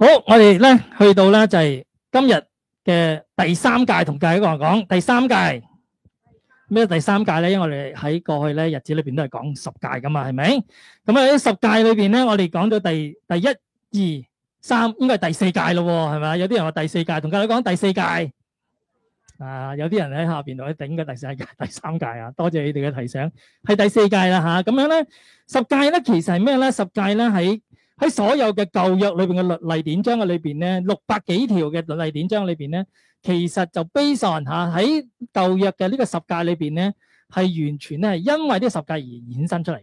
好，我哋咧去到咧就係今日嘅第三誡，同各位講第三誡咩？第三誡咧，因為我哋喺過去咧日子裏邊都係講十誡㗎嘛，係咪？咁啊，喺十誡裏邊咧，我哋講到第第一二三，應該係第四誡咯，係咪？有啲人話第四誡，同各位講第四誡啊，有啲人喺下邊度喺頂嘅第四誡、第三誡啊，多謝你哋嘅提醒，係第四誡啦吓。咁樣咧，十誡咧其實係咩咧？十誡咧喺。喺所有嘅舊約裏邊嘅律例典章嘅裏邊咧，六百幾條嘅律例典章裏邊咧，其實就基於嚇喺舊約嘅呢個十誡裏邊咧，係完全咧係因為呢個十誡而衍生出嚟嘅。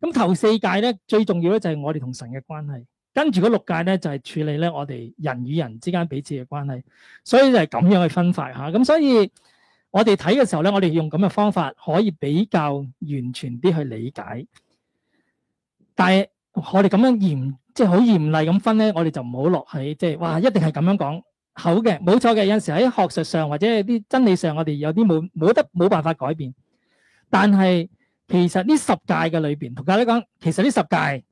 咁頭四誡咧最重要咧就係我哋同神嘅關係，跟住嗰六誡咧就係、是、處理咧我哋人與人之間彼此嘅關係，所以就係咁樣去分法嚇。咁所以我哋睇嘅時候咧，我哋用咁嘅方法可以比較完全啲去理解，但係。我哋咁樣嚴，即係好嚴厲咁分咧，我哋就唔好落喺即係，哇！一定係咁樣講好嘅，冇錯嘅。有陣時喺學術上或者喺啲真理上，我哋有啲冇冇得冇辦法改變。但係其實呢十誡嘅裏邊，同各位講，其實呢十誡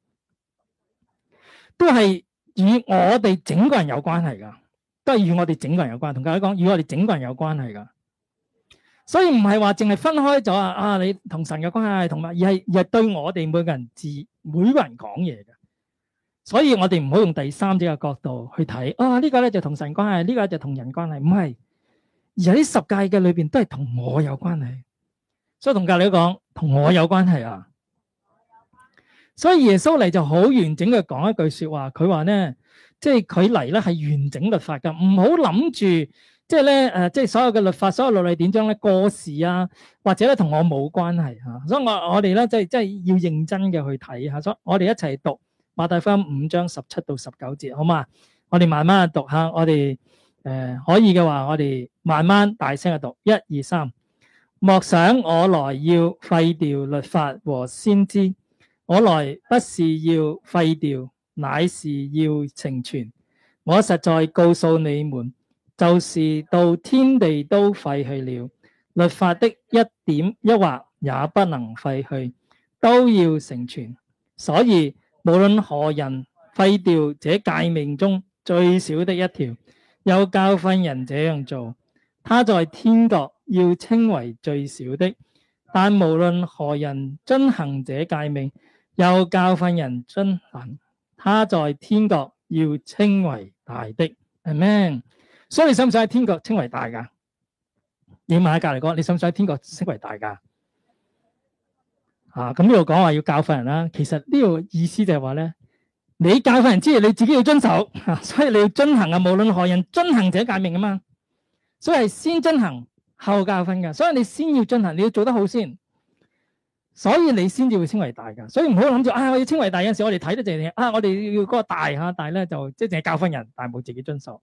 都係與我哋整個人有關係噶，都係與我哋整個人有關。同各位講，與我哋整個人有關係噶，所以唔係話淨係分開咗啊！啊，你同神嘅關係係同埋，而係而係對我哋每個人治。每個人講嘢嘅，所以我哋唔好用第三者嘅角度去睇啊！呢、這個咧就同神關係，呢、這個就同人關係，唔係。而喺十誡嘅裏邊都係同我有關係，所以同教理講同我有關係啊！係，所以耶穌嚟就好完整嘅講一句說話，佢話咧，即係佢嚟咧係完整律法噶，唔好諗住。即係咧，誒，即係所有嘅律法，所有律例典章咧過時啊，或者咧同我冇關係吓，所以我我哋咧即係即係要認真嘅去睇下。所以我哋一齊讀馬太福音五章十七到十九節，好嘛？我哋慢慢去讀吓，我哋誒可以嘅話，我哋慢慢大聲去讀，一二三，莫想我來要廢掉律法和先知，我來不是要廢掉，乃是要成全，我實在告訴你們。就是到天地都廢去了，律法的一點一劃也不能廢去，都要成全。所以無論何人廢掉這誡命中最小的一條，又教訓人這樣做，他在天國要稱為最小的；但無論何人遵行這誡命，又教訓人遵行，他在天國要稱為大的。阿門。所以你想唔想喺天國稱為大噶？你問吓隔籬嗰個，你想唔想喺天國稱為大噶？啊，咁呢度講話要教訓人啦。其實呢度意思就係話咧，你教訓人之前，你自己要遵守、啊、所以你要遵行啊，無論何人遵行者誡命啊嘛。所以係先遵行後教訓噶。所以你先要遵行，你要做得好先。所以你先至會稱為大噶。所以唔好諗住啊，我要稱為大。有陣時我哋睇得就係啊，我哋要嗰個大吓、啊，大咧就即係淨係教訓人，但係冇自己遵守。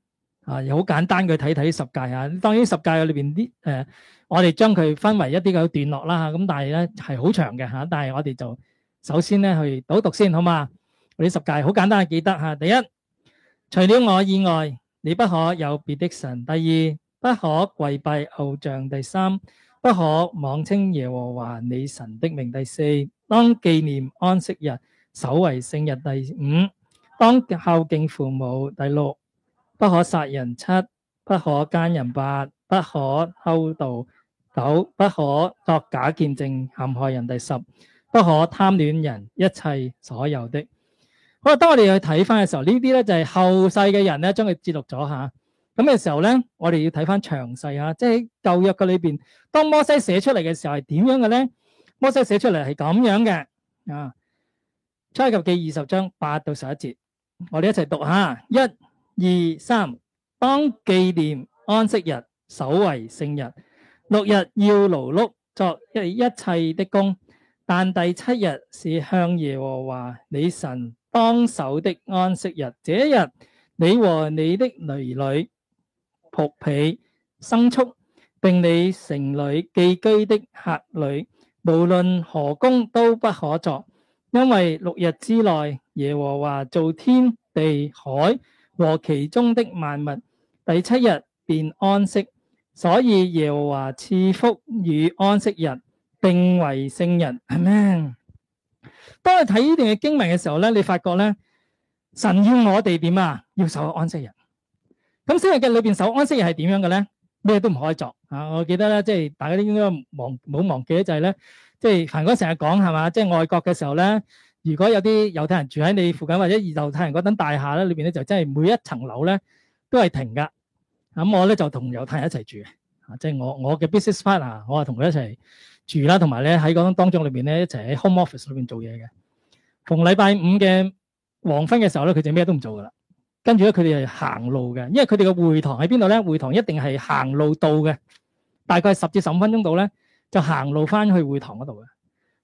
啊，又好簡單，去睇睇十誡啊。當然十誡裏邊啲誒，我哋將佢分為一啲嘅段落啦吓。咁但係咧係好長嘅吓。但係我哋就首先咧去導讀先好嘛。呢十誡好簡單，記得吓。第一，除了我以外，你不可有別的神。第二，不可跪拜偶像。第三，不可妄稱耶和華你神的名。第四，當紀念安息日，守為聖日。第五，當孝敬父母。第六。不可殺人，七不可姦人，八不可偷盜，九不可作假見證陷害人，第十不可貪戀人一切所有的。好啦，當我哋去睇翻嘅時候，呢啲咧就係後世嘅人咧將佢記錄咗吓。咁嘅時候咧，我哋要睇翻詳細吓，即係舊約嘅裏邊，當摩西寫出嚟嘅時候係點樣嘅咧？摩西寫出嚟係咁樣嘅啊。出埃及記二十章八到十一節，我哋一齊讀一下一。二三當紀念安息日，守為聖日。六日要勞碌作一一切的工，但第七日是向耶和華你神當守的安息日。這一日，你和你的兒女、僕婢、牲畜，並你城裏寄居的客旅，無論何工都不可作，因為六日之內，耶和華造天地海。和其中的萬物，第七日便安息，所以耶和華賜福與安息日，定為聖日。係咩？當你睇呢段嘅經文嘅時候咧，你發覺咧，神要我哋點啊？要守安息日。咁聖經嘅裏邊守安息日係點樣嘅咧？咩都唔可以做啊！我記得咧，即係大家都應該忘冇忘記咧，就係咧，即係行哥成日講係嘛，即係外國嘅時候咧。如果有啲猶太人住喺你附近，或者二猶太人嗰等大廈咧，裏邊咧就真係每一層樓咧都係停噶。咁我咧就同猶太人一齊住嘅，啊，即係我我嘅 business partner，我係同佢一齊住啦，同埋咧喺嗰種當中裏邊咧一齊喺 home office 裏邊做嘢嘅。逢禮拜五嘅黃昏嘅時候咧，佢哋就咩都唔做噶啦。跟住咧佢哋係行路嘅，因為佢哋嘅會堂喺邊度咧？會堂一定係行路到嘅，大概十至十五分鐘到咧，就行路返去會堂嗰度嘅。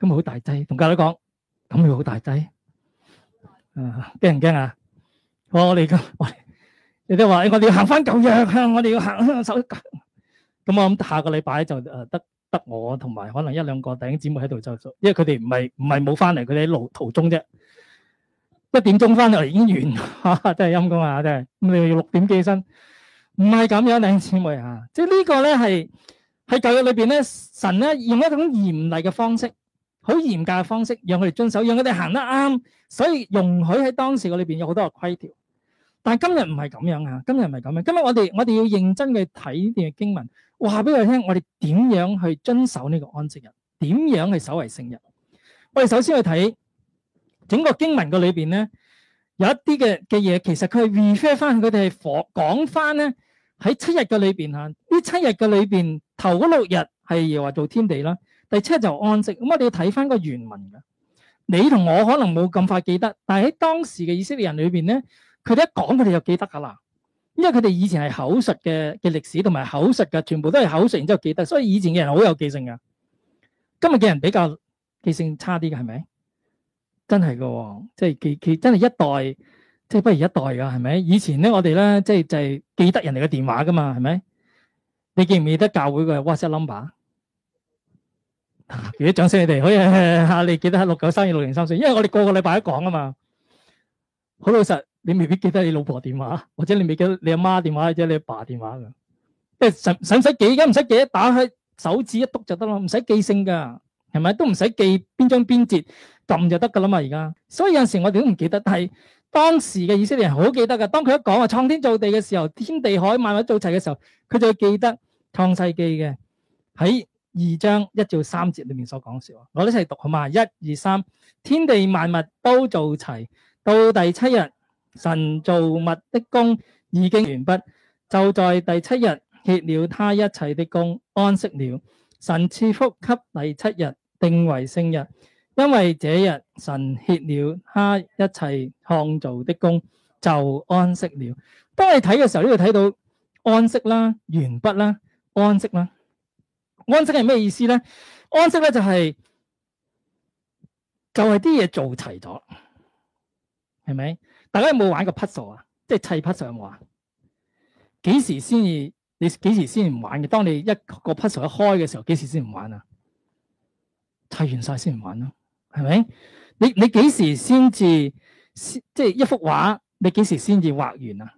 咁咪好大劑？同教女講咁又好大劑，啊，驚唔驚啊？我哋咁，你哋話我哋要行翻舊約，我哋要行手咁，我諗下個禮拜就誒得得我同埋，可能一兩個弟兄姊妹喺度就做，因為佢哋唔係唔係冇翻嚟，佢哋喺路途中啫。一點鐘翻嚟已經完，吓，真係陰功啊！真係咁你要六點起身，唔係咁樣，弟兄姊妹啊，即係呢個咧係喺舊約裏邊咧，神咧用一種嚴厲嘅方式。好嚴格嘅方式，讓佢哋遵守，讓佢哋行得啱，所以容許喺當時個裏邊有好多嘅規條。但係今日唔係咁樣啊！今日唔係咁樣。今日我哋我哋要認真去睇呢段經文，話俾佢聽，我哋點樣去遵守呢個安息日？點樣去守為聖日？我哋首先去睇整個經文個裏邊咧，有一啲嘅嘅嘢，其實佢係 refer 翻，佢哋係講講翻咧喺七日嘅裏邊嚇，呢七日嘅裏邊，頭嗰六日係又話做天地啦。第七就安息。咁我哋睇翻個原文噶，你同我可能冇咁快記得，但係喺當時嘅以色列人裏邊咧，佢哋一講佢哋就記得啦。因為佢哋以前係口述嘅嘅歷史同埋口述嘅，全部都係口述，然之後記得，所以以前嘅人好有記性噶。今日嘅人比較記性差啲嘅係咪？真係嘅、哦，即係記記真係一代即係不如一代㗎，係咪？以前咧我哋咧即係就係記得人哋嘅電話㗎嘛，係咪？你記唔記得教會嘅 WhatsApp number？記得掌聲你哋？可以下你記得喺六九三二六零三四，93, 3, 因為我哋個個禮拜都講啊嘛。好老實，你未必記得你老婆電話，或者你未記得你阿媽,媽電話，或者你阿爸電話嘅。即係什使記嘅，唔使記，打開手指一篤就得啦，唔使記性㗎，係咪？都唔使記邊章邊節撳就得㗎啦嘛。而家所以有陣時我哋都唔記得，但係當時嘅以色列人好記得㗎。當佢一講話創天造地嘅時候，天地海萬物造齊嘅時候，佢就會記得創世記嘅喺。二章一至三節裏面所講嘅事，我哋一齊讀好嘛？一二三，天地萬物都做齊，到第七日，神造物的功已經完畢，就在第七日歇了他一切的功，安息了。神賜福給第七日，定為聖日，因為這日神歇了他一切創造的功，就安息了。當你睇嘅時候，呢度睇到安息啦、完畢啦、安息啦。安息係咩意思咧？安息咧就係、是、就係啲嘢做齊咗，係咪？大家有冇玩過拼圖啊？即係砌拼圖有冇啊？幾時先至？你幾時先唔玩嘅？當你一個拼圖一開嘅時候，幾時先唔玩啊？砌完晒先唔玩咯，係咪？你你幾時先至？即係一幅畫，你幾時先至畫完啊？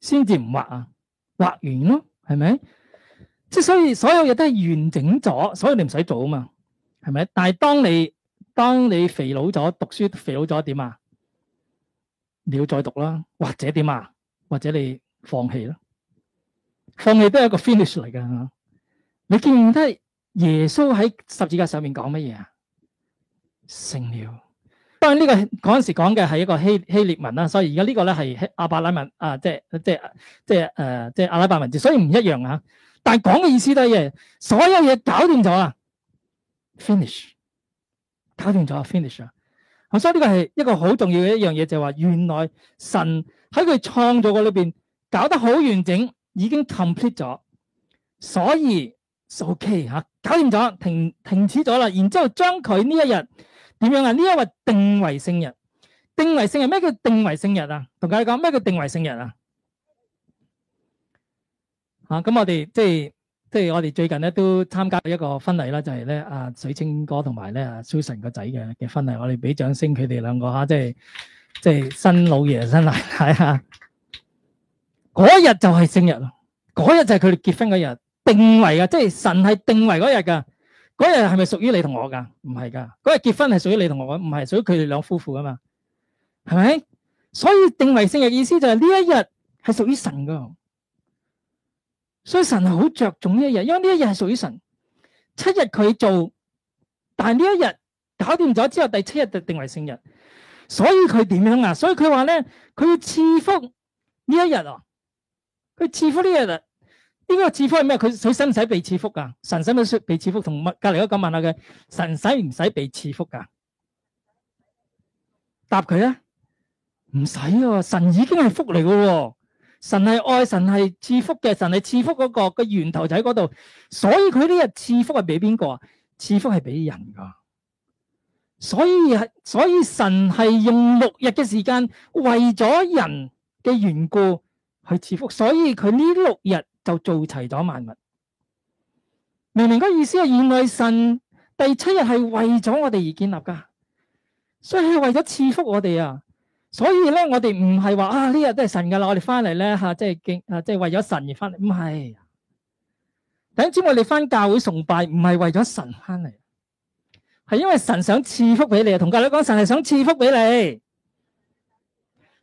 先至唔畫啊？畫完咯，係咪？即所以所有嘢都係完整咗，所以你唔使做啊嘛，係咪？但係當你當你肥佬咗，讀書肥佬咗點啊？你要再讀啦，或者點啊？或者你放棄啦？放棄都係一個 finish 嚟嘅，啊。你見唔見得耶穌喺十字架上面講乜嘢啊？成了。當然呢，這個嗰陣時講嘅係一個希希列文啦，所以而家呢個咧係阿伯拉文啊，即係即係即係誒，即係，啊啊啊啊，阿拉伯文字，所以唔一樣啊。但講嘅意思都係嘢，所有嘢搞掂咗啊，finish，搞掂咗啊，finish 啊。所以呢個係一個好重要嘅一樣嘢，就係、是、話原來神喺佢創造個裏邊搞得好完整，已經 complete 咗。所以、so、，OK 吓，搞掂咗，停停止咗啦。然之後將佢呢一日點樣啊？呢一日定為聖日，定為聖日咩叫定為聖日啊？同大家講咩叫定為聖日啊？啊！咁我哋即係即係我哋最近咧都參加一個婚禮啦，就係咧阿水清哥同埋咧阿 Susan 個仔嘅嘅婚禮，我哋俾掌聲佢哋兩個吓，即係即係新老爺新奶奶啊！嗰日就係聖日咯，嗰日就係佢哋結婚嗰日定為啊，即係神係定為嗰日噶，嗰日係咪屬於你同我噶？唔係噶，嗰日結婚係屬於你同我，唔係屬於佢哋兩夫婦噶嘛？係咪？所以定為聖日意思就係呢一日係屬於神噶。所以神係好着重呢一日，因為呢一日係屬於神。七日佢做，但係呢一日搞掂咗之後，第七日就定為聖日。所以佢點樣啊？所以佢話咧，佢要賜福呢一日啊，佢賜福呢日啊，呢個賜福係咩？佢，佢使唔使被賜福啊？神使唔使被賜福？同隔籬嗰個問下佢，神使唔使被賜福噶，啊？答佢啊，唔使啊，神已經係福嚟噶。神係愛，神係賜福嘅，神係賜福嗰個嘅源頭就喺嗰度，所以佢呢日賜福係俾邊個啊？賜福係俾人噶，所以係所以神係用六日嘅時間為咗人嘅緣故去賜福，所以佢呢六日就做齊咗萬物。明唔明個意思啊？原來神第七日係為咗我哋而建立噶，所以係為咗賜福我哋啊。所以咧，我哋唔係話啊呢日都係神噶啦，我哋翻嚟咧吓，即係敬啊，即係、啊、為咗神而翻嚟。唔係，等知我哋翻教會崇拜，唔係為咗神翻嚟，係因為神想賜福俾你啊。同教女講，神係想賜福俾你，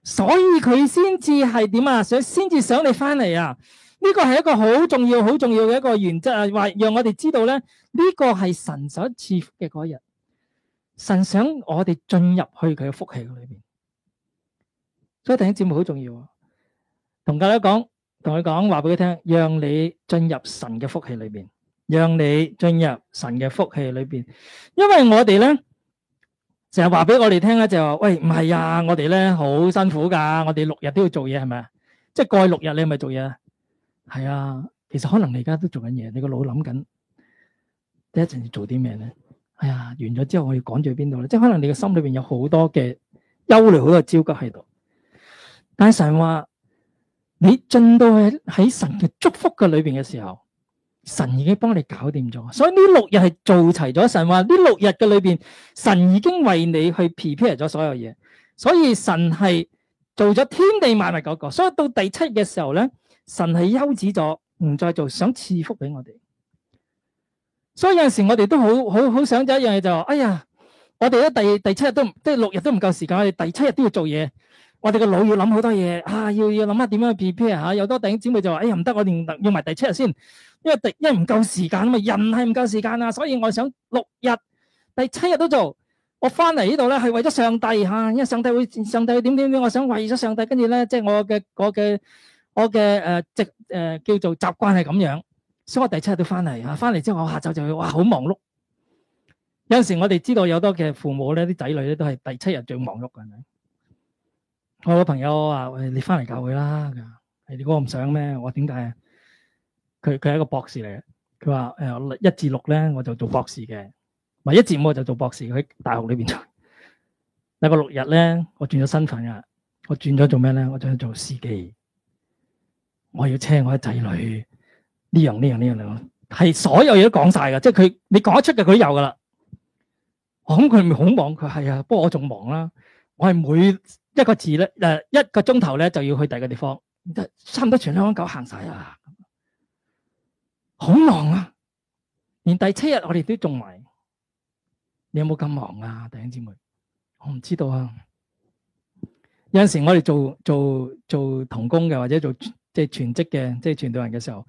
所以佢先至係點啊？想先至想你翻嚟啊！呢、這個係一個好重要、好重要嘅一個原則啊，話讓我哋知道咧，呢、這個係神想賜福嘅嗰日，神想我哋進入去佢嘅福氣裏邊。所以聽節目好重要哦，啊。同教友講，同佢講話俾佢聽，讓你進入神嘅福氣裏邊，讓你進入神嘅福氣裏邊。因為我哋咧成日話俾我哋聽咧，就話喂，唔係啊，我哋咧好辛苦噶，我哋六日都要做嘢係咪？即係過去六日你係咪做嘢？係啊，其實可能你而家都在做緊嘢，你個腦諗緊，一陣要做啲咩咧？哎呀，完咗之後我要趕住去邊度咧？即係可能你嘅心裏邊有好多嘅憂慮，好多焦急喺度。但神話，你進到去喺神嘅祝福嘅裏邊嘅時候，神已經幫你搞掂咗。所以呢六日係做齊咗。神話呢六日嘅裏邊，神已經為你去 prepare 咗所有嘢。所以神係做咗天地萬物嗰個。所以到第七日嘅時候咧，神係休止咗，唔再做，想賜福俾我哋。所以有陣時我哋都好好好想咗一樣嘢，就話，哎呀，我哋喺第第七日都即係六日都唔夠時間，我哋第七日都要做嘢。我哋嘅腦要諗好多嘢。啊要要諗下點樣去 PP 啊，嚇！有多弟兄姊妹就話，哎呀唔得，我連用埋第七日先，因為第，因為唔夠時間啊嘛，人係唔夠時間啊，所以我想六日，第七日都做。我翻嚟呢度咧係為咗上帝嚇，因，啊、為上帝會，上帝會點點點，我想為咗上帝，跟住咧即係我嘅我嘅我嘅誒，即誒、呃呃、叫做習慣係咁樣，所以我第七日都翻嚟嚇，翻嚟之後我下晝就會哇好忙碌。有時我哋知道有多嘅父母咧，啲仔女咧都係第七日最忙碌嘅，係咪？我個朋友我話：喂，你翻嚟教佢啦。你我唔想咩？我點解啊？佢佢係一個博士嚟嘅。佢話：，誒，一至六咧我就做博士嘅，咪一至五我就做博士，喺大學裏邊做。有 個六日咧，我轉咗身份噶，我轉咗做咩咧？我轉咗做司機，我要車我啲仔女。呢樣呢樣呢樣兩，係所有嘢都講晒噶，即係佢你講得出嘅佢有噶啦。我諗佢咪好忙，佢係啊，不過我仲忙啦，我係每。一個字咧，誒、呃，一個鐘頭咧，就要去第二個地方，得差唔多全香港都行晒啦，好忙啊！連第七日我哋都做埋，你有冇咁忙啊，弟兄姊妹？我唔知道啊。有陣時我哋做做做同工嘅，或者做即係全職嘅，即係全隊人嘅時候，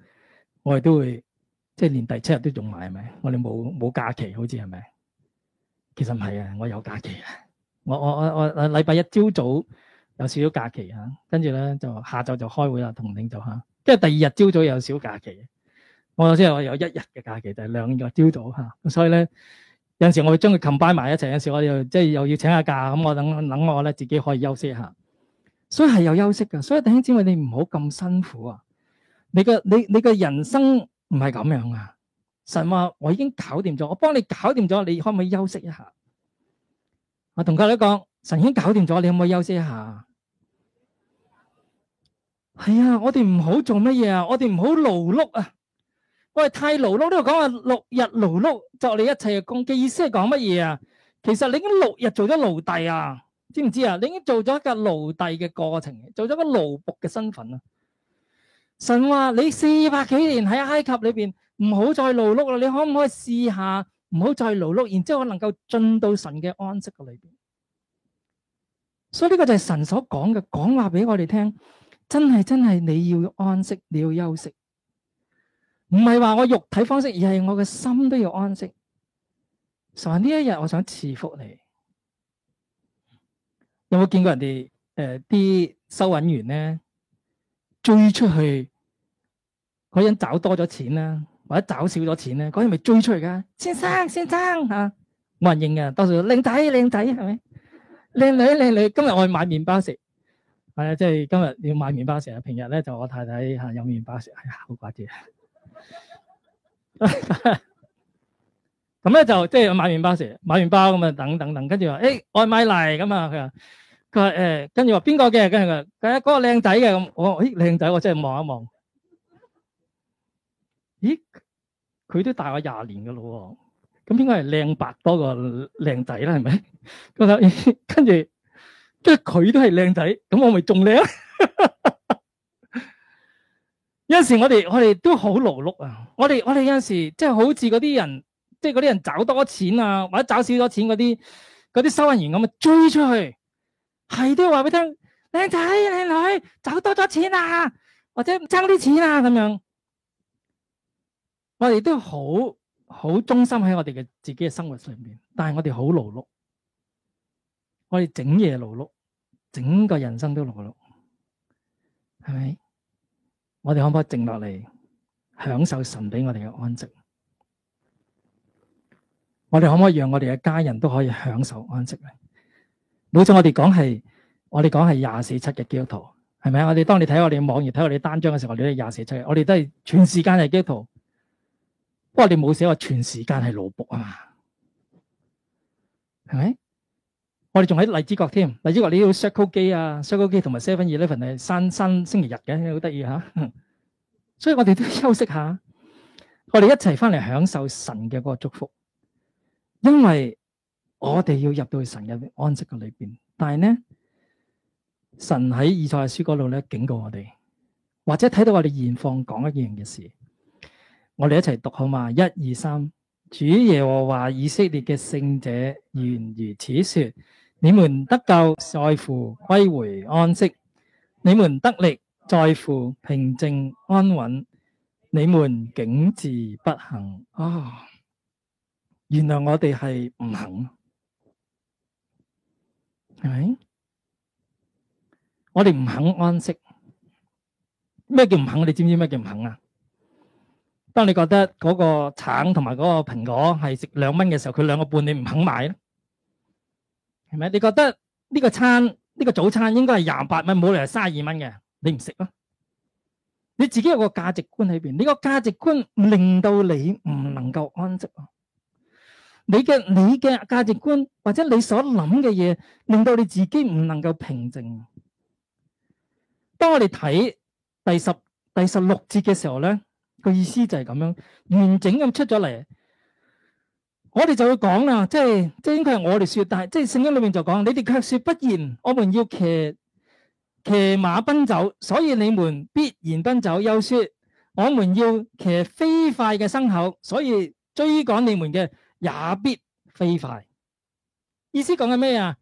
我哋都會即係連第七日都做埋係咪？我哋冇冇假期，好似係咪？其實唔係啊，我有假期啊。我我我我禮拜一朝早有少少假期吓，跟住咧就下晝就開會啦，同領導吓。跟住第二日朝早有少假期，我即係我有一日嘅假期，就係兩個朝早吓。所以咧有陣時我會將佢 combine 埋一齊，有陣時我又即係又要請下假，咁我等等我咧自己可以休息一下。所以係有休息噶，所以弟兄姊妹你唔好咁辛苦啊！你個你你嘅人生唔係咁樣啊！神話我已經搞掂咗，我幫你搞掂咗，你可唔可以休息一下？我同佢都講，神已經搞掂咗，你可唔可以休息一下？係啊，我哋唔好做乜嘢啊？我哋唔好勞碌啊！喂，太勞碌呢度講話六日勞碌作你一切嘅工，嘅意思係講乜嘢啊？其實你已經六日做咗奴隸啊，知唔知啊？你已經做咗一個奴隸嘅過程，做咗個奴僕嘅身份啊！神話你四百幾年喺埃及裏邊唔好再勞碌啦，你可唔可以試下？唔好再勞碌，然之後我能夠進到神嘅安息嘅裏邊。所以呢個就係神所講嘅講話俾我哋聽，真係真係你要安息，你要休息，唔係話我肉體方式，而係我嘅心都要安息。所以呢一日，我想賜福你。有冇見過人哋誒啲收銀員咧追出去嗰人找多咗錢啦？一找少咗錢咧，嗰日咪追出嚟噶，先生先生，嚇，冇人認噶。到時靚仔靚仔係咪？靚女靚女，今日我去買麵包食，係啊，即係今日要買麵包食啊。平日咧就我太太嚇有麵包食，哎呀好掛住啊。咁咧就即係買麵包食，買麵包咁啊，等等等，跟住話誒外賣嚟咁啊，佢話佢話誒，跟住話邊個嘅？跟住話係啊，嗰個靚仔嘅咁，我咦靚仔，我真係望一望，咦？佢都大我廿年嘅咯，咁應該係靚白多過靚仔啦，係咪？咁 啊，跟住即係佢都係靚仔，咁我咪仲靚。 有陣時我哋我哋都好勞碌啊！我哋我哋有陣時即係、就是、好似嗰啲人，即係嗰啲人找多錢啊，或者找少咗錢嗰啲啲收銀員咁啊，追出去係都要話俾佢聽，靚仔靚女找多咗錢啊，或者爭啲錢啊咁樣。我哋都好好忠心喺我哋嘅自己嘅生活上面，但係我哋好勞碌，我哋整夜勞碌，整個人生都勞碌，係咪？我哋可唔可以靜落嚟，享受神俾我哋嘅安息？我哋可唔可以讓我哋嘅家人都可以享受安息咧？好似我哋講係，我哋講係廿四七嘅基督徒，係咪啊？我哋當你睇我哋嘅網頁，睇我哋單張嘅時候，我哋廿四七，7，我哋都係全世界嘅基督徒。不過你冇寫話全時間係蘿蔔啊嘛，係咪？我哋仲喺荔枝角添，荔枝角你要 Circle K 啊，Circle K 同埋 seven eleven 係三生星期日嘅，好得意吓。所以我哋都休息下，我哋一齊翻嚟享受神嘅嗰個祝福，因為我哋要入到去神嘅安息嘅裏邊。但係呢，神喺以賽亞書嗰度咧，警告我哋，或者睇到我哋現況講一樣嘅事。我哋一齊讀好嘛？一二三，主耶和華以色列嘅聖者曾如此說：你們得救在乎歸回安息；你們得力在乎平靜安穩；你們竟自不肯啊！原來我哋係唔肯，係咪？我哋唔肯安息。咩叫唔肯？你知唔知咩叫唔肯啊？當你覺得嗰個橙同埋嗰個蘋果係值兩蚊嘅時候，佢兩個半你唔肯買咧，係咪？你覺得呢個餐呢、呢個早餐應該係廿八蚊，冇理由係卅二蚊嘅，你唔食咯？你自己有個價值觀喺邊，你，呢個價值觀令到你唔能夠安息咯。你嘅你嘅價值觀或者你所諗嘅嘢，令到你自己唔能夠平靜。當我哋睇第十、第十六節嘅時候咧。個意思就係咁樣完整咁出咗嚟，我哋就要講啦，即係即係應該係我哋說，但係即係聖經裏面就講，你哋卻說不然，我們要騎騎馬奔走，所以你們必然奔走；又說我們要騎飛快嘅牲口，所以追趕你們嘅也必飛快。意思講緊咩啊？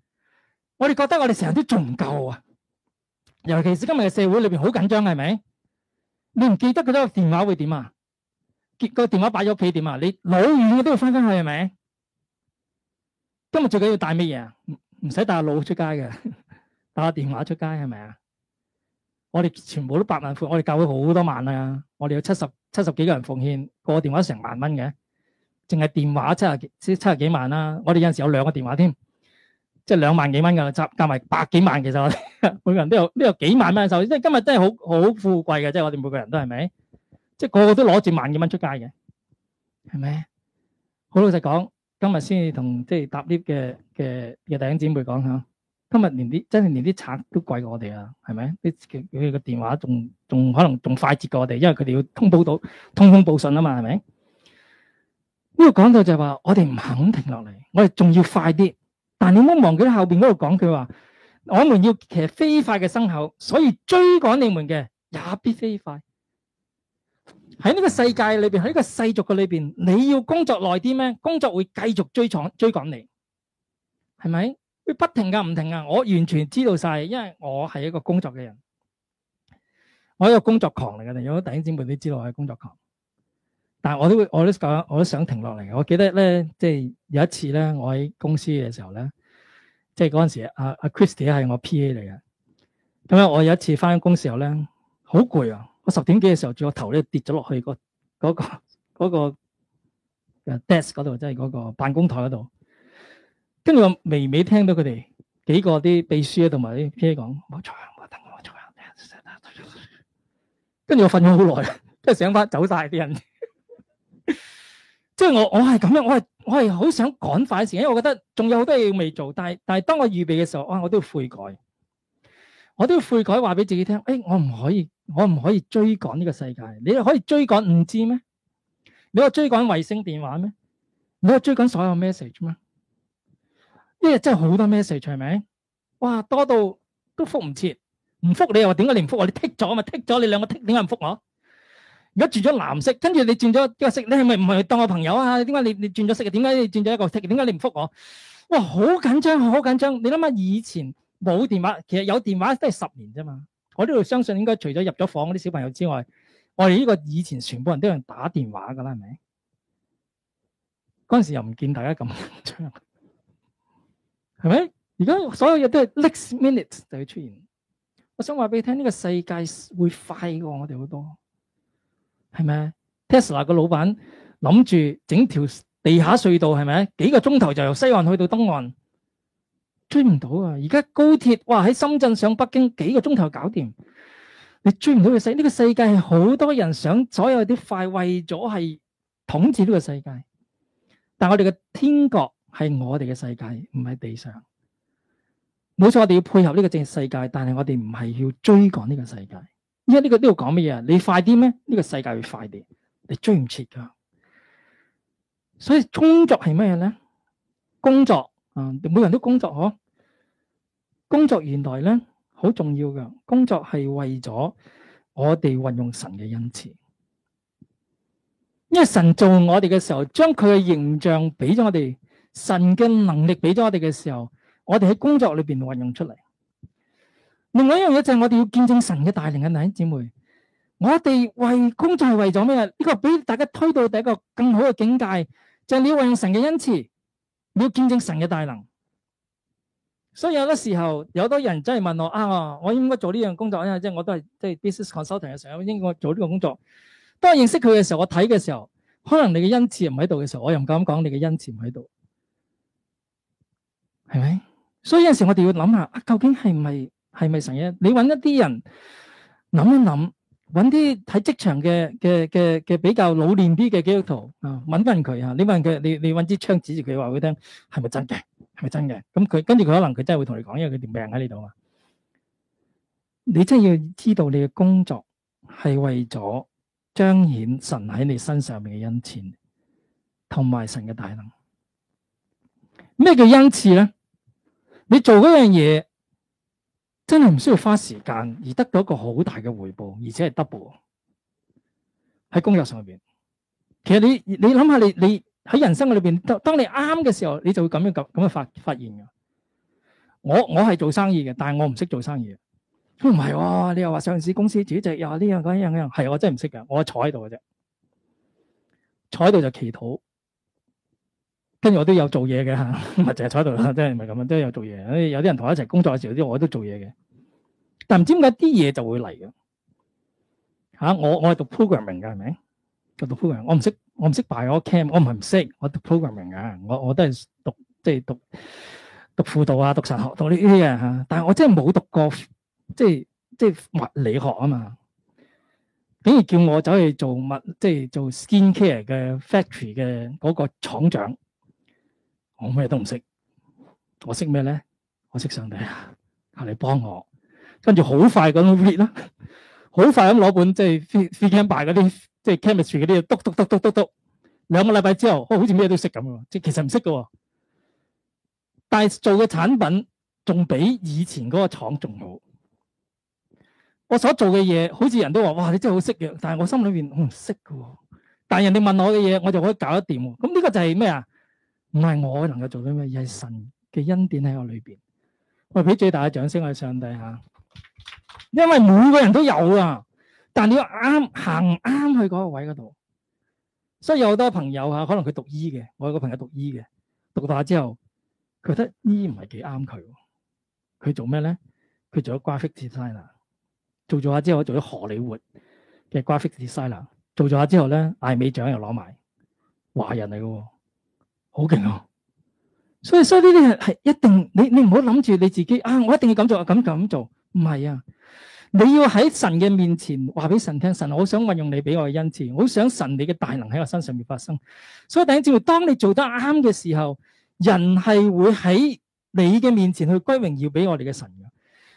我哋覺得我哋成日都仲唔夠啊，尤其是今日嘅社會裏邊好緊張，係咪？你唔記得佢個電話會點啊？結個電話擺咗屋企點啊？你老遠嘅都要翻返去係咪？今日最緊要帶咩嘢啊？唔使帶路出街嘅，帶個電話出街係咪啊？我哋全部都百萬款，我哋教會好多萬啊！我哋有七十七十幾個人奉獻個電話成萬蚊嘅，淨係電話七十幾七十幾萬啦，啊！我哋有陣時有兩個電話添，即係兩萬幾蚊嘅，加加埋百幾萬其實我哋。每個人都有都有幾萬蚊收，即係今日真係好好富貴嘅，即係我哋每個人都係咪？即係個個都攞住萬幾蚊出街嘅，係咪？好老實講，今日先至同即係搭 lift 嘅嘅嘅弟兄姊妹講吓，今日連啲真係連啲賊都貴過我哋啊，係咪？啲佢佢個電話仲仲可能仲快捷過我哋，因為佢哋要通報到通風報信啊嘛，係咪？呢個講到就係話，我哋唔肯停落嚟，我哋仲要快啲。但你唔好忘記喺後邊嗰度講，佢話。我們要騎飛快嘅牲口，所以追趕你們嘅也必飛快。喺呢個世界裏邊，喺呢個世俗嘅裏邊，你要工作耐啲咩？工作會繼續追闖、追趕你，係咪？會不停噶，唔停噶。我完全知道晒，因為我係一個工作嘅人，我係一個工作狂嚟嘅。有啲弟兄姊妹都知道我係工作狂，但係我都會，我都想，我都想停落嚟。我記得咧，即係有一次咧，我喺公司嘅時候咧。即係嗰陣時，阿阿 Christie 係我 P.A. 嚟嘅。咁、嗯、啊，我有一次翻工時候咧，好攰啊！我十點幾嘅時候，住、個頭咧跌咗落去個嗰、嗰個、嗰個嘅 desk 嗰度，即係嗰個辦公台嗰度。跟住我微微聽到佢哋幾個啲秘書啊同埋啲 P.A. 講，冇錯啊，冇等我坐啊。跟住我瞓咗好耐，即係醒翻走晒啲人。 即係我我係咁樣，我係。我係好想趕快事，因為我覺得仲有好多嘢未做。但係但係當我預備嘅時候，哇！我都要悔改，我都要悔改話俾自己聽。誒、哎，我唔可以，我唔可以追趕呢個世界。你又可以追趕五 G 咩？你話追趕衛星電話咩？你話追趕所有 message 咩？呢、哎、日真係好多 message，係咪？哇，多到都覆唔切，唔覆你又話點解你唔覆我？你剔咗啊嘛，剔咗你兩個剔點解唔覆我？而家轉咗藍色，跟住你轉咗一個色，你係咪唔係當我朋友啊？點解你你轉咗色嘅？點解你轉咗一個色？點解你唔覆我？哇，好緊張，好緊張！你諗下以前冇電話，其實有電話都係十年啫嘛。我呢度相信應該除咗入咗房嗰啲小朋友之外，我哋呢個以前全部人都有打電話噶啦，係咪？嗰陣時又唔見大家咁緊張，係咪？而家所有嘢都係 next minute 就要出現。我想話俾你聽，呢個世界會快過我哋好多。係咪？Tesla 個老闆諗住整條地下隧道，係咪？幾個鐘頭就由西岸去到東岸，追唔到啊！而家高鐵，哇！喺深圳上北京幾個鐘頭搞掂，你追唔到嘅世呢個世界係好、這個、多人想所有啲快為咗係統治呢個世界，但我哋嘅天國係我哋嘅世界，唔係地上。冇錯，我哋要配合呢個正世界，但係我哋唔係要追趕呢個世界。呢個都要講乜嘢？你快啲咩？呢個世界會快啲，你追唔切噶。所以工作係咩嘢咧工作啊，每人都工作嗬、啊。工作原來咧好重要噶。工作係為咗我哋運用神嘅恩賜，因為神造我哋嘅時候，將佢嘅形象俾咗我哋，神嘅能力俾咗我哋嘅時候，我哋喺工作裏邊運用出嚟。另外一樣嘢就係我哋要見證神嘅大能嘅弟兄姊妹，我哋為工作係為咗咩啊？呢個俾大家推到第一個更好嘅境界，就係你要用神嘅恩賜，你要見證神嘅大能。所以有啲時候，有多人真係問我啊，我應該做呢樣工作啊？即係我都係即係 business consulting 嘅時候，我應該做呢個工作。當我認識佢嘅時候，我睇嘅時候，可能你嘅恩賜唔喺度嘅時候，我又唔敢講你嘅恩賜唔喺度，係咪？所以有陣時我哋要諗下啊，究竟係唔係？係咪神嘢？你揾一啲人諗一諗，揾啲喺職場嘅嘅嘅嘅比較老練啲嘅基督徒啊，問問佢啊，你問佢，你你揾支槍指住佢話俾佢聽係咪真嘅？係咪真嘅？咁佢跟住佢可能佢真係會同你講，因為佢條命喺呢度啊嘛。你真要知道你嘅工作係為咗彰顯神喺你身上面嘅恩賜，同埋神嘅大能。咩叫恩賜咧？你做嗰樣嘢。真係唔需要花時間而得到一個好大嘅回報，而且係 double 喺工作上裏邊。其實你你諗下，你你喺人生嘅裏邊，當你啱嘅時候，你就會咁樣咁咁啊發發現㗎。我我係做生意嘅，但係我唔識做生意。佢唔係喎，你又話上市公司主席又，又話呢樣嗰樣嘅，係我真係唔識嘅。我坐喺度嘅啫，坐喺度就祈禱。跟住我都有做嘢嘅嚇，咪 就係坐喺度啦，即係咪咁樣？都、就是、有做嘢。誒，有啲人同我一齊工作嘅時候，啲我都做嘢嘅。但唔知點解啲嘢就會嚟嘅嚇。我我係讀 programming 嘅，係咪？我讀 programming，我唔識我唔識擺我個 cam，我唔係唔識。我讀 programming 嘅，我我都係讀即係、就是、讀讀輔導啊、讀神學讀呢啲嘅嚇。但係我真係冇讀過即係即係物理學啊嘛。竟然叫我走去做物，即係做 skin care 嘅 factory 嘅嗰個廠長。我咩都唔識，我識咩咧？我識上帝啊！啊，你幫我，跟住好快咁 read 啦，好快咁攞本即係飛飛金牌嗰啲，即係 chemistry 嗰啲，篤督督督督篤，兩個禮拜之後，好似咩都識咁嘅，即係其實唔識嘅，但係做嘅產品仲比以前嗰個廠仲好。我所做嘅嘢，好似人都話：「哇，你真係好識嘅！」但係我心裏面唔識嘅，但係人哋問我嘅嘢，我就可以搞得掂。咁呢個就係咩啊？唔係我能夠做到咩？而係神嘅恩典喺我裏邊。我俾最大嘅掌聲我哋上帝吓，因為每個人都有啊，但你要啱行啱去嗰個位嗰度。所以有好多朋友吓，可能佢讀醫嘅，我有個朋友讀醫嘅，讀咗下之後，佢覺得醫唔係幾啱佢。佢做咩咧？佢做咗 graphic designer，做咗下之後做咗荷里活嘅 graphic designer，做咗下之後咧，艾美獎又攞埋，華人嚟嘅。好勁啊！所以，所以呢啲人係一定你，你唔好諗住你自己啊！我一定要咁做，咁咁做，唔係啊！你要喺神嘅面前話俾神聽，神，好想運用你俾我嘅恩賜，好想神你嘅大能喺我身上面發生。所以，第一，只要當你做得啱嘅時候，人係會喺你嘅面前去歸榮耀俾我哋嘅神的。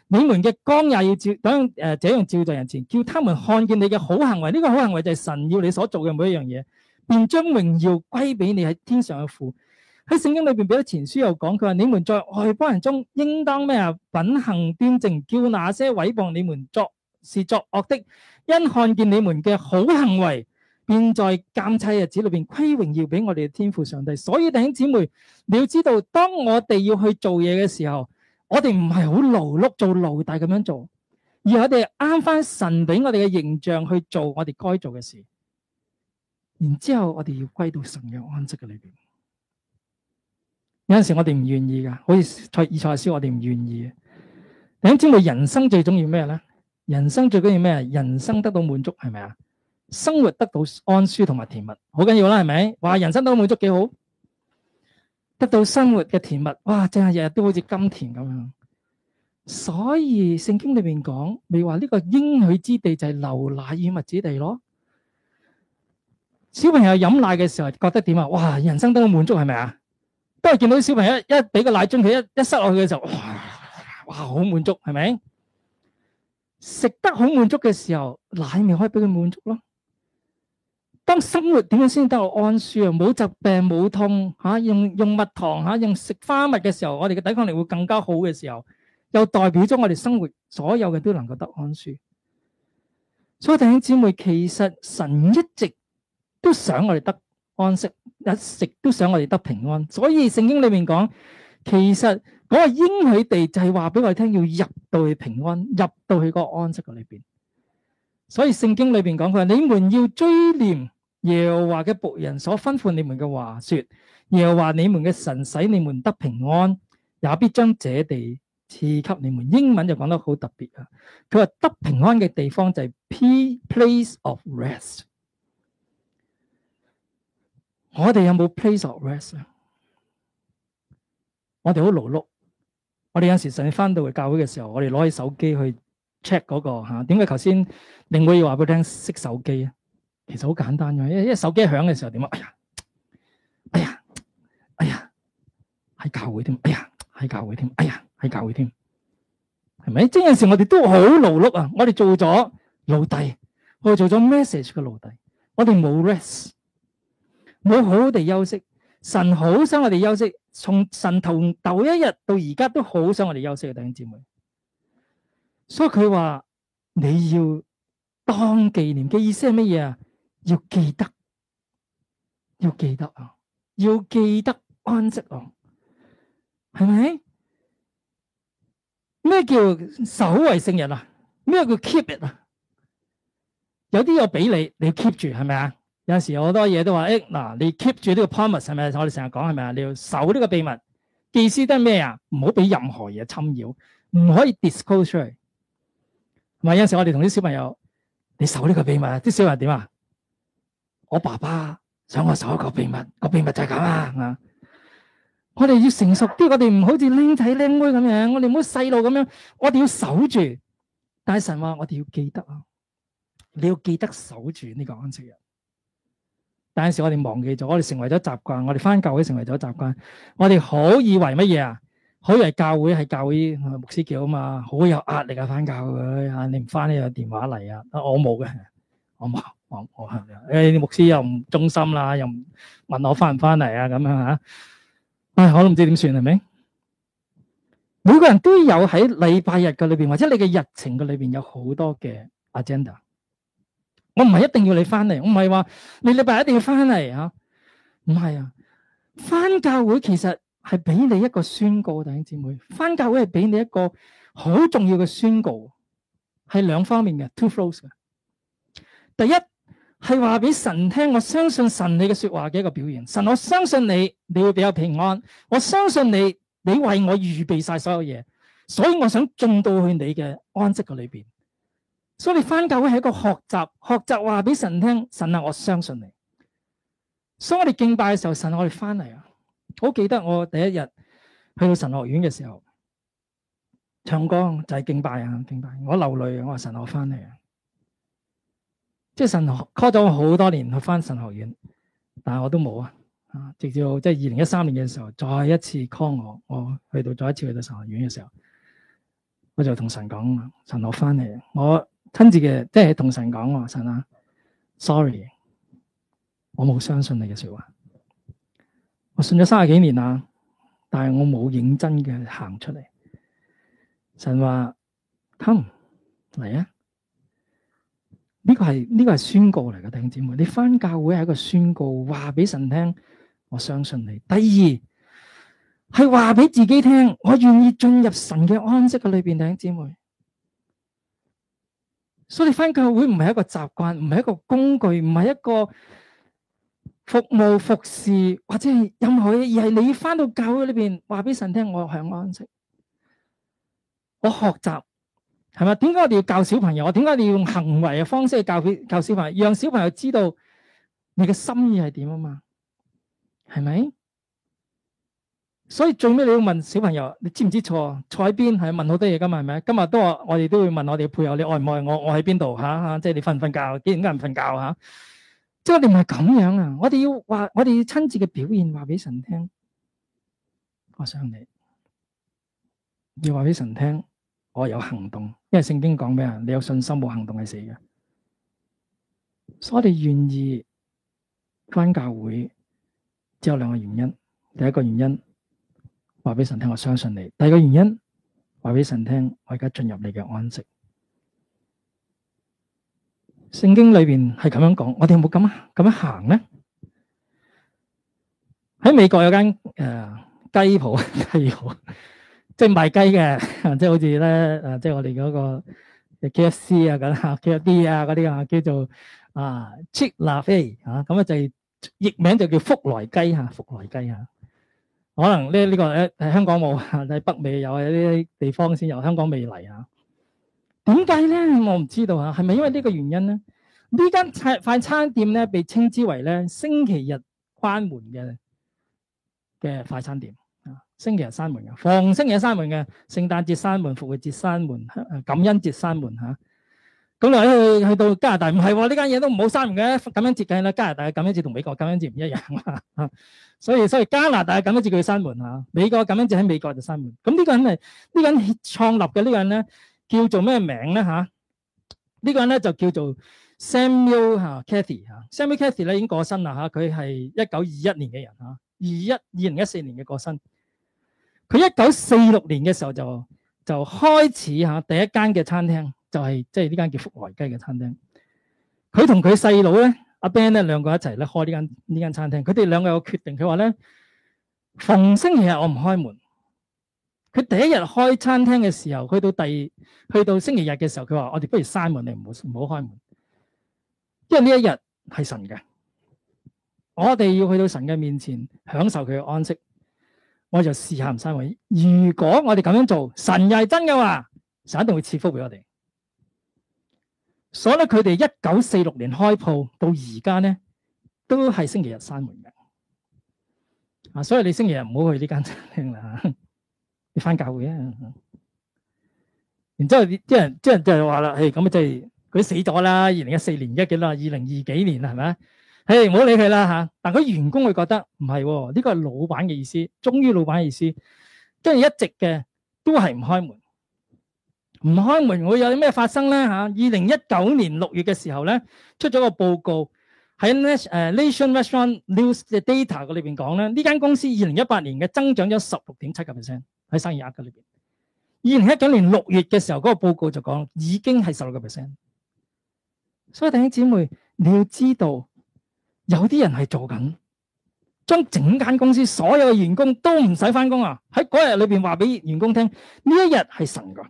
你們嘅光也要照，咁、呃、誒，這樣照在人前，叫他們看見你嘅好行為。呢、這個好行為就係神要你所做嘅每一樣嘢。便將榮耀歸俾你喺天上嘅父。喺聖經裏邊，彼得前書又講佢話：你們在外邦人中，應當咩啊？品行端正，叫那些誹謗你們作是作惡的，因看見你們嘅好行為，便在鑒察日子裏邊歸榮耀俾我哋嘅天父上帝。所以弟兄姊妹，你要知道，當我哋要去做嘢嘅時候，我哋唔係好勞碌做奴隸咁樣做，而我哋係啱返神俾我哋嘅形象去做我哋該做嘅事。然之後我哋要歸到神嘅安息嘅裏邊，有陣時我哋唔願意噶，好似蔡二蔡燒，我哋唔願意。點知我人生最重要咩咧？人生最緊要咩啊？人生得到滿足係咪啊？生活得到安舒同埋甜蜜，好緊要啦，係咪？哇！人生得到滿足幾好，得到生活嘅甜蜜，哇！真係日日都好似金田咁樣。所以聖經裏面講，咪話呢個應許之地就係流奶與蜜之地咯。小朋友飲奶嘅時候覺得點啊？哇，人生都好滿足係咪啊？都係見到小朋友一俾個奶樽佢一一塞落去嘅時候，哇，哇好滿足係咪？食得好滿足嘅時候，奶咪可以俾佢滿足咯。當生活點樣先得到安舒啊？冇疾病冇痛吓，用用蜜糖吓，啊，用食花蜜嘅時候，我哋嘅抵抗力會更加好嘅時候，又代表咗我哋生活所有嘅都能夠得安舒。所以弟兄姊妹，其實神一直，都想我哋得安息，一直都想我哋得平安。所以聖經裏面講，其實嗰個應許地就係話俾我哋聽，要入到去平安，入到去嗰個安息嘅裏邊。所以聖經裏邊講佢話：你們要追念耶和華嘅僕人所吩咐你們嘅話，說，耶和華你們嘅神使你們得平安，也必將這地賜給你們。英文就講得好特別啊，佢話得平安嘅地方就係 p place of rest。我哋有冇 place of rest 咧？我哋好勞碌，我哋有時甚至翻到去教會嘅時候，我哋攞起手機去 check 嗰個吓。點解頭先令會要話俾佢聽熄手機咧？其實好簡單嘅，因為手機響嘅時候點啊？哎呀，哎呀，哎呀，喺教會添，哎呀，喺教會添，哎呀，喺教會添，係咪？即係有時我哋都好勞碌啊！我哋做咗奴隸，我哋做咗 message 嘅奴隸，我哋冇 rest。冇好好地休息，神好想我哋休息。從神頭斗一日到而家都好想我哋休息，弟兄姐妹。所以佢話你要當記念嘅意思係乜嘢啊？要記得，要記得啊，要記得安息啊，係咪？咩叫守為聖日啊？咩叫 keep it 啊？有啲嘢俾你，你要 keep 住，係咪啊？有陣時好多嘢都話，誒、欸、嗱，你 keep 住呢個 promise 係咪？我哋成日講，係咪啊？你要守呢個秘密，意思得咩啊？唔好俾任何嘢侵擾，唔可以 disclose 出去。咪有陣時我哋同啲小朋友，你守呢個秘密，啲小朋友點啊？我爸爸想我守一個秘密，個秘密就係咁啊。我哋要成熟啲，我哋唔好似靚仔靚妹咁樣，我哋唔好細路咁樣。我哋要守住，但神話我哋要記得啊，你要記得守住呢個安息日。但有時我哋忘記咗，我哋成為咗習慣，我哋翻教會成為咗習慣。我哋好以為乜嘢啊？好以為教會係教會牧師叫啊嘛，好有壓力啊翻教會啊！你唔翻呢有電話嚟啊！我冇嘅，我我我係誒、哎、牧師又唔忠心啦，又唔問我翻唔翻嚟啊咁樣嚇。唉，我都唔知點算係咪？每個人都有喺禮拜日嘅裏邊，或者你嘅日程嘅裏邊有好多嘅 agenda。我唔係一定要你翻嚟，我唔係話你禮拜一定要翻嚟啊！唔係啊，翻教會其實係俾你一個宣告，弟兄姊妹，翻教會係俾你一個好重要嘅宣告，係兩方面嘅 two flows 嘅。第一係話俾神聽，我相信神你嘅說話嘅一個表現，神我相信你，你會比較平安，我相信你，你為我預備晒所有嘢，所以我想進到去你嘅安息嘅裏邊。所以你翻教會係一個學習，學習話俾神聽，神啊，我相信你。所以我哋敬拜嘅時候，神我哋翻嚟啊！好記得我第一日去到神學院嘅時候，唱歌就係敬拜啊，敬拜。我流淚啊，我話神我翻嚟啊！即係神 call 咗我好多年去翻神學院，但係我都冇啊。啊，直至即係二零一三年嘅時候，再一次 call 我，我去到再一次去到神學院嘅時候，我就同神講啊，神我翻嚟，我。親自嘅，即係同神講話，神啊，sorry，我冇相信你嘅說話，我信咗三十幾年啦，但係我冇認真嘅行出嚟。神話，come，嚟啊！呢個係呢個係宣告嚟嘅，弟兄姊妹，你翻教會係一個宣告，話俾神聽，我相信你。第二，係話俾自己聽，我願意進入神嘅安息嘅裏邊，弟兄姊妹。所以你翻教會唔係一個習慣，唔係一個工具，唔係一個服務服侍或者係任何嘢，而係你翻到教會裏邊話俾神聽，我響安息，我學習係咪？點解我哋要教小朋友？我點解我哋要用行為嘅方式去教俾教小朋友？讓小朋友知道你嘅心意係點啊嘛？係咪？所以最尾你要問小朋友，你知唔知錯？坐喺邊係問好多嘢噶嘛，係咪？今日都話我哋都會問我哋配偶，你愛唔愛我？我喺邊度？吓吓，即係你瞓唔瞓覺？幾點啱唔瞓覺？吓，即係我哋唔係咁樣啊！我哋要話，我哋要親自嘅表現話俾神聽。我想你要話俾神聽，我有行動，因為聖經講咩啊？你有信心冇行動係死嘅。所以我哋願意返教會，只有兩個原因。第一個原因。話畀神聽，我相信你。第二個原因，話畀神聽，我而家進入你嘅安息。聖經裏邊係咁樣講，我哋有冇咁咁樣行咧？喺美國有間誒雞鋪，雞鋪即係賣雞嘅，啊，即係好似咧誒，即係我哋嗰，那個 KFC 啊咁吓，KFC 啊嗰啲啊，啊叫做啊 Chick-fil-A 吓，咁啊，啊就係、是、譯名就叫福來雞吓，啊，福來雞吓，啊。可能呢呢個喺香港冇，喺北美有啊，有啲地方先有，香港未嚟啊。點解咧？我唔知道啊。係咪因為呢個原因咧？呢間快餐店咧，被稱之為咧，星期日關門嘅嘅快餐店啊，星期日閂門嘅，逢星期日閂門嘅，聖誕節閂門，復活節閂門，感恩節閂門嚇。咁啊，去去到加拿大唔係喎，呢間嘢都唔好閂門嘅，咁樣設計啦。加拿大嘅感恩節同美國感恩節唔一樣啊，所以所以加拿大感恩節佢要閂門嚇，美國感恩節喺美國就閂門。咁呢個人係呢個人創立嘅呢個人咧，叫做咩名咧嚇？呢個人咧就叫做 Samuel 嚇，Cathy 嚇，Samuel Cathy 咧已經過身啦嚇，佢係一九二一年嘅人嚇，二一二零一四年嘅過身。佢一九四六年嘅時候就就開始嚇第一間嘅餐廳。就係即係呢間叫福來雞嘅餐廳。佢同佢細佬咧，阿 Ben 咧兩個一齊咧開呢間呢間餐廳。佢哋兩個有決定，佢話咧：逢星期日我唔開門。佢第一日開餐廳嘅時候，去到第二，去到星期日嘅時候，佢話：我哋不如閂門，你唔好唔好開門。因為呢一日係神嘅，我哋要去到神嘅面前享受佢嘅安息。我就試下唔閂門。如果我哋咁樣做，神又係真嘅話，神一定會賜福俾我哋。所以咧，佢哋一九四六年開鋪到而家咧，都係星期日閂門嘅。啊，所以你星期日唔好去呢間餐廳啦。你翻教會啊。然之後啲啲人，啲人就話啦：誒，咁啊，即係佢死咗啦，二零一四年一幾啦，二零二幾年啦，係咪啊？誒，唔好理佢啦嚇。但係佢員工會覺得唔係喎，呢個係老闆嘅意思，忠於老闆嘅意思，跟住一直嘅都係唔開門。唔開門會有啲咩發生咧嚇？二零一九年六月嘅時候咧，出咗個報告喺咧誒 Nation Restaurant News 嘅 data 嘅裏邊講咧，呢間公司二零一八年嘅增長咗十六點七個 percent 喺生意額嘅裏邊。二零一九年六月嘅時候，嗰個報告就講已經係十六個 percent。所以弟兄姊妹，你要知道有啲人係做緊，將整間公司所有嘅員工都唔使翻工啊！喺嗰日裏邊話俾員工聽，呢一日係神嘅。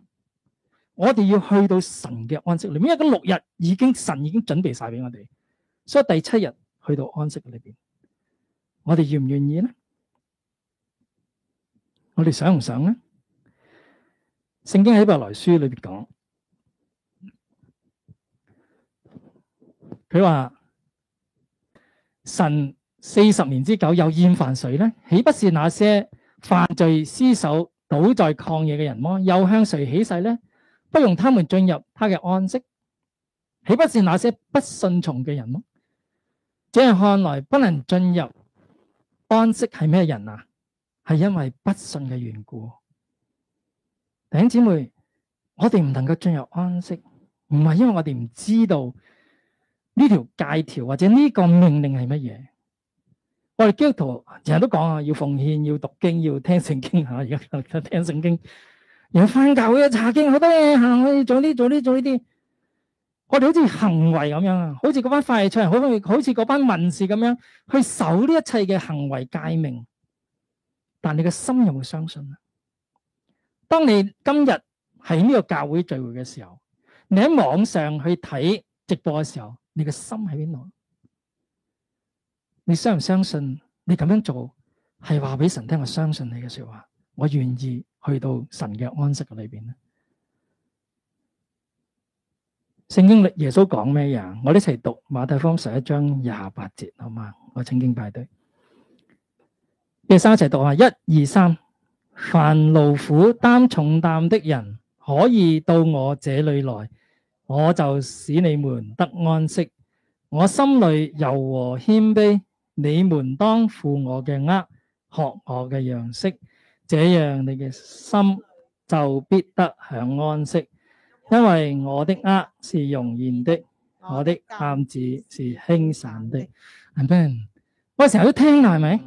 我哋要去到神嘅安息裏面。因為嗰六日已經神已經準備晒俾我哋，所以第七日去到安息裏邊，我哋願唔願意咧？我哋想唔想咧？聖經喺伯來書裏邊講，佢話神四十年之久又厭煩誰咧？豈不是那些犯罪、屍首倒在曠野嘅人麼？又向誰起誓咧？不容他們進入他嘅安息，豈不是那些不信從嘅人咯？只係看來，不能進入安息係咩人啊？係因為不信嘅緣故。弟兄姊妹，我哋唔能夠進入安息，唔係因為我哋唔知道呢條戒條，或者呢個命令係乜嘢。我哋基督徒成日都講啊，要奉獻，要讀經，要聽聖經。吓，而家聽聖經。要返教會查經，好多嘢，行去做啲做啲做呢啲。我哋好似行為咁樣啊，好似嗰班法利賽人，好容好似嗰班文士咁樣去守呢一切嘅行為誡命。但你嘅心又有冇相信啊？當你今日喺呢個教會聚會嘅時候，你喺網上去睇直播嘅時候，你嘅心喺邊度？你相唔相信你咁樣做係話俾神聽？我相信你嘅說話，我願意。去到神嘅安息嘅裏邊咧，聖經裏耶穌講咩呀？我哋一齊讀馬太福音十一章廿八節，好嘛？我請經派隊，你哋三一齊讀下，一二三，凡勞苦擔重擔的人，可以到我這裏來，我就使你們得安息。我心裏柔和謙卑，你們當負我嘅軛，學我嘅樣式。這樣你嘅心就必得享安息，因為我的軛是容易的，我的擔子是輕省的。我成日都聽啦，係咪？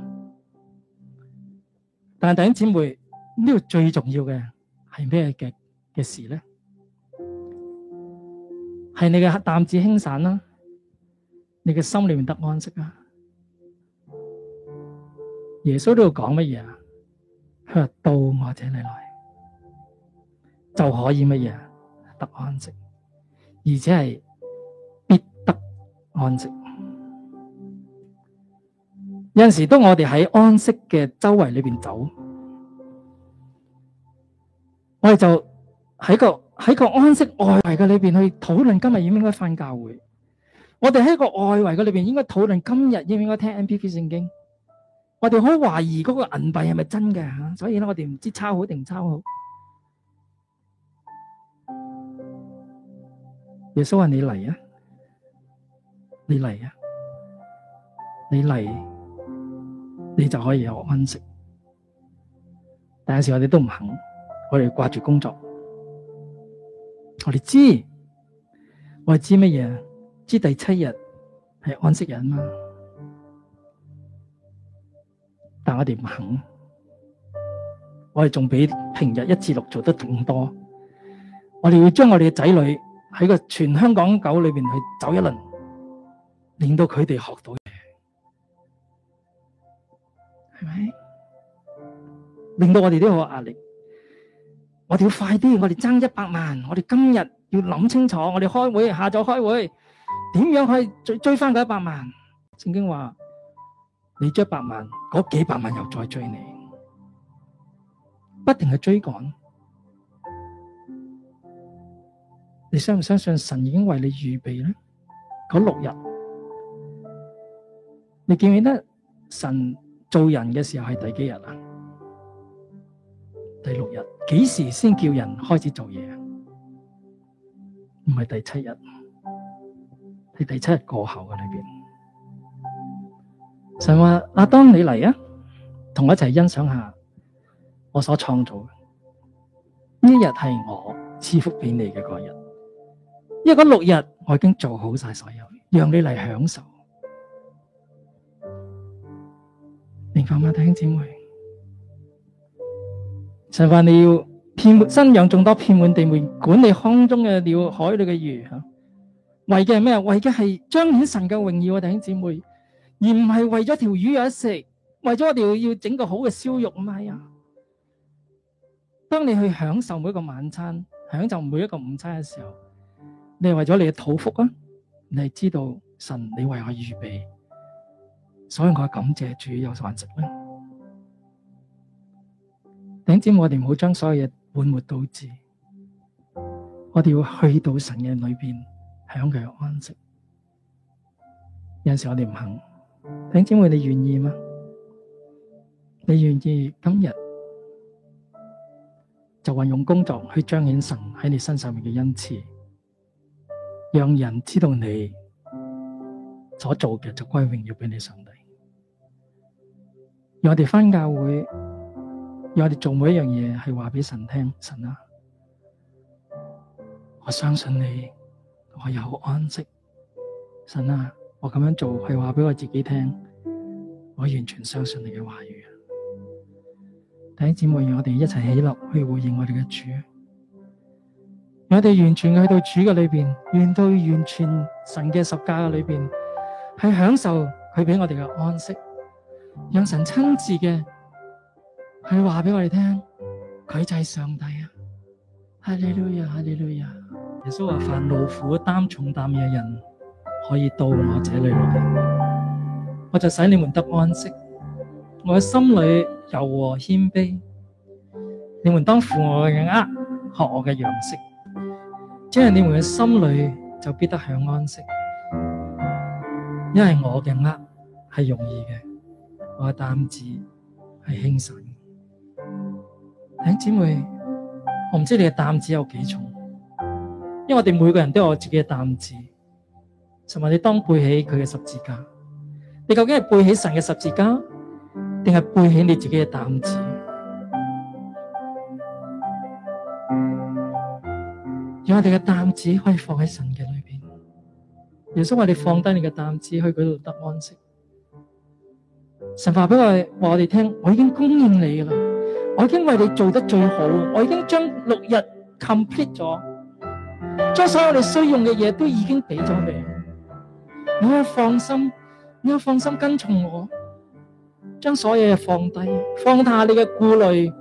但係弟兄姊妹，呢個最重要嘅係咩嘅嘅事咧？係你嘅擔子輕省啦，你嘅心裏面得安息啦。耶穌呢度講乜嘢啊？佢話到我這裏來就可以乜嘢得安息，而且係必得安息。有陣時當我哋喺安息嘅周圍裏邊走，我哋就喺個喺個安息外圍嘅裏邊去討論今日應唔應該返教會。我哋喺個外圍嘅裏邊應該討論今日應唔應該聽 N P P 聖經。我哋好懷疑嗰個銀幣係咪真嘅吓，所以咧我哋唔知抄好定抄好。耶穌話，你嚟啊，你嚟啊，你嚟，你就可以有安息。但有時我哋都唔肯，我哋掛住工作，我哋知，我哋知乜嘢？知第七日係安息日嘛。但我哋唔肯，我哋仲比平日一至六做得仲多。我哋要將我哋嘅仔女喺個全香港九裏邊去走一輪，令到佢哋學到嘢。係咪？令到我哋都有壓力。我哋要快啲，我哋爭一百萬。我哋今日要諗清楚，我哋開會下晝開會，點樣去追追翻嗰一百萬？聖經話：你追一百萬。嗰幾百萬又再追你，不停去追趕，你相唔相信神已經為你預備呢？嗰六日，你記唔記得神造人嘅時候係第幾日啊？第六日，幾時先叫人開始做嘢？唔係第七日，係第七日過後嘅裏邊。神話阿當你嚟啊，同我一齊欣賞下我所創造嘅。呢日係我賜福俾你嘅嗰日，因為嗰六日我已經做好晒所有，讓你嚟享受。明白嗎？弟兄姊妹，神話你要遍滿生養眾多，遍滿地面管理空中嘅鳥，海裏嘅魚，吓為嘅係咩？為嘅係彰顯神嘅榮耀啊！弟兄姊妹。而唔係為咗條魚有得食，為咗我哋要整個好嘅燒肉啊嘛係啊！當你去享受每一個晚餐，享受每一個午餐嘅時候，你係為咗你嘅肚腹啊！你係知道神你為我預備，所以我感謝主有飯食啦。點知我哋唔好將所有嘢本末倒置，我哋要去到神嘅裏邊享佢嘅安息。有陣時我哋唔肯。丁姐妹，你願意嗎？你願意今日就運用工作去彰顯神喺你身上面嘅恩賜，讓人知道你所做嘅就歸榮耀俾你上帝。我哋返教會，我哋做每一樣嘢係話俾神聽，神啊，我相信你，我有安息，神啊。我咁樣做係話俾我自己聽，我完全相信你嘅話語啊！弟兄姊妹，我哋一齊起，起立去回應我哋嘅主。我哋完全去到主嘅裏邊，面對完全神嘅十架嘅裏邊，係享受佢俾我哋嘅安息，讓神親自嘅去話俾我哋聽，佢就係上帝啊！哈利路亞，哈利路亞！耶穌話：凡勞苦擔重擔嘅人。可以到我這裏來，我就使你們得安息。我嘅心裏柔和謙卑，你們當負我嘅軛，學我嘅樣式，這樣你們嘅心裏就必得享安息。因為我嘅軛係容易嘅，我嘅擔子係輕省嘅。誒，姊妹，我唔知你嘅擔子有幾重，因為我哋每個人都有自己嘅擔子。尋日你當背起佢嘅十字架，你究竟係背起神嘅十字架，定係背起你自己嘅擔子？讓我哋嘅擔子可以放喺神嘅裏邊。耶穌話：，你放低你嘅擔子去嗰度得安息。神話俾我哋話我哋聽：，我已經供應你啦，我已經為你做得最好，我已經將六日 complete 咗，將所有你需要嘅嘢都已經俾咗你。你可放心，你可放心跟從我，將所有嘢，放低，放下你嘅顧慮，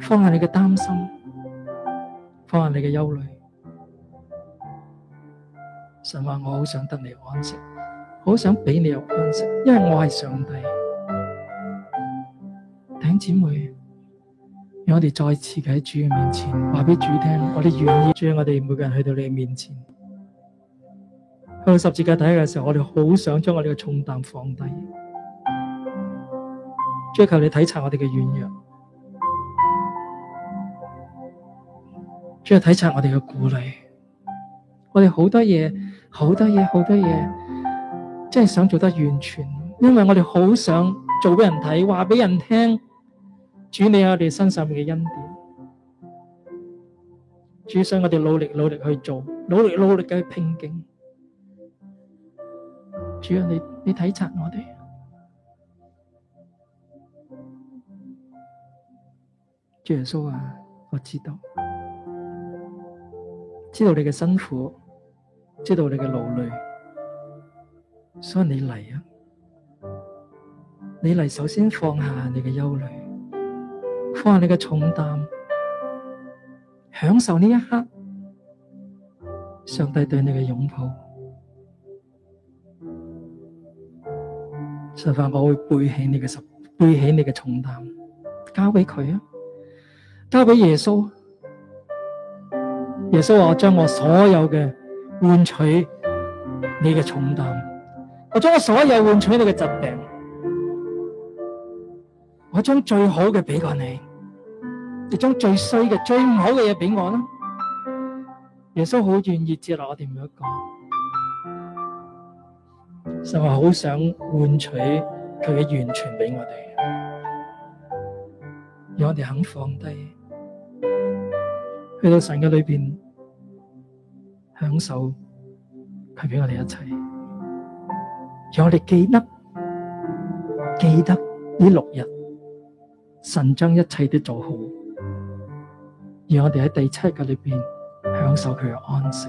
放下你嘅擔心，放下你嘅憂慮。神話我好想得你安息，好想俾你有安息，因為我係上帝。弟兄姊妹，讓我哋再次嘅喺主嘅面前，話俾主聽我哋願意。主，我哋每個人去到你嘅面前。去十字架睇嘅時候，我哋好想將我哋嘅重擔放低，追求你體察我哋嘅軟弱，追求體察我哋嘅鼓勵，我哋好多嘢，好多嘢，好多嘢，真係想做得完全，因為我哋好想做俾人睇，話俾人聽，主你我哋身上面嘅恩典，主想我哋努力努力去做，努力努力嘅拼勁。主啊，你你體察我哋，主耶穌啊，我知道，知道你嘅辛苦，知道你嘅勞累，所以你嚟啊，你嚟首先放下你嘅憂慮，放下你嘅重擔，享受呢一刻，上帝對你嘅擁抱。實話我會背起你嘅十，背起你嘅重擔，交俾佢啊，交俾耶穌。耶穌話：我將我所有嘅換取你嘅重擔，我將我所有換取你嘅疾病，我將最好嘅俾過你，你將最衰嘅最唔好嘅嘢俾我啦。耶穌好願意接納我哋每一個。就係好想換取佢嘅完全俾我哋，讓我哋肯放低，去到神嘅裏邊享受佢俾我哋一切，讓我哋記得記得呢六日，神將一切都做好，而我哋喺第七日裏邊享受佢嘅安息。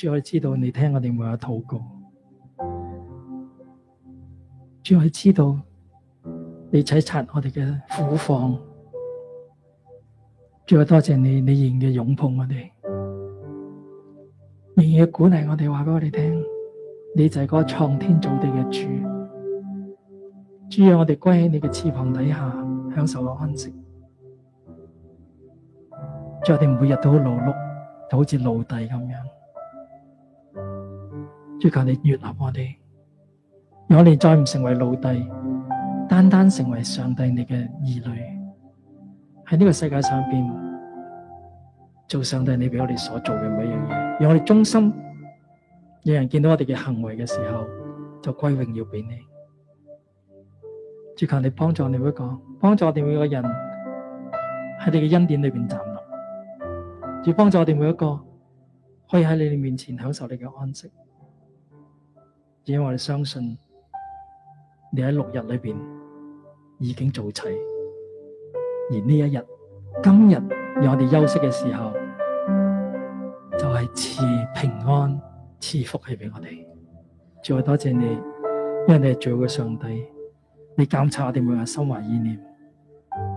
主要知道你聽我哋每日禱告，主要知道你踩擦我哋嘅苦況，主要多謝你，你仍然嘅擁抱我哋，仍意鼓勵我哋話俾我哋聽，你就係嗰個創天造地嘅主，主要我哋歸喺你嘅翅膀底下享受個安息，主，我哋每日都，牢牢都好勞碌，就好似奴隸咁樣。追求你悅納我哋，我哋再唔成為奴隸，單單成為上帝你嘅兒女。喺呢個世界上邊，做上帝你俾我哋所做嘅每一樣嘢，而我哋忠心，有人見到我哋嘅行為嘅時候，就歸榮耀俾你。追求你幫助我哋每一個，幫助我哋每一個人喺你嘅恩典裏邊站立，要幫助我哋每一個可以喺你哋面前享受你嘅安息。因為我哋相信你喺六日裏邊已經做齊，而呢一日今日讓我哋休息嘅時候，就係、是、賜平安、賜福氣俾我哋。主，多謝你，因為你係最好嘅上帝。你監察我哋每日心懷意念，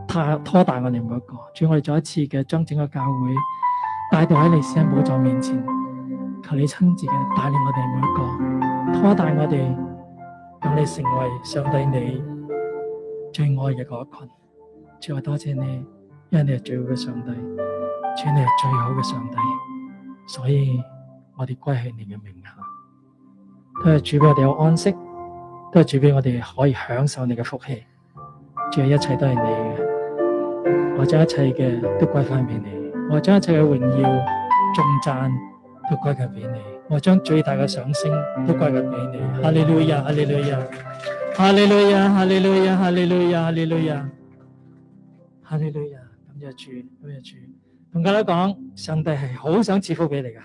太拖大我哋每一個。主，我哋再一次嘅將整個教會帶到喺你施恩寶座面前，求你親自嘅帶領我哋每一個。托大我哋，讓你成為上帝你最愛嘅嗰群。主啊，多謝你，因為你係最好嘅上帝，主，你係最好嘅上帝。所以我哋歸去你嘅名下，都係主俾我哋有安息，都係主俾我哋可以享受你嘅福氣。主啊，一切都係你嘅，我將一切嘅都歸翻俾你，我將一切嘅榮耀、頌讚都歸求俾你。我將最大嘅掌聲都歸還俾你，哈利路亞，哈利路亞，哈利路亞，哈利路亞，哈利路亞，哈利路亞，哈利路亞。咁就主，咁就主，同各位講，上帝係好想賜福俾你噶。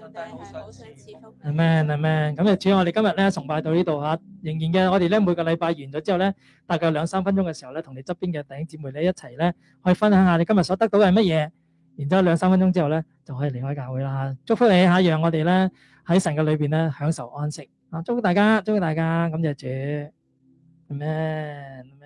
上帝係好想賜福。阿們，阿們。咁就主，我哋今日咧崇拜到呢度吓，仍然嘅，我哋咧每個禮拜完咗之後咧，大概兩三分鐘嘅時候咧，同你側邊嘅弟兄姊妹咧一齊咧，可以分享下你今日所得到嘅係乜嘢。然後兩之後兩三分鐘之後呢，就可以離開教會啦。祝福你嚇，讓我哋呢喺神嘅裏邊呢享受安息啊！祝福大家，祝福大家，感謝主，Amen。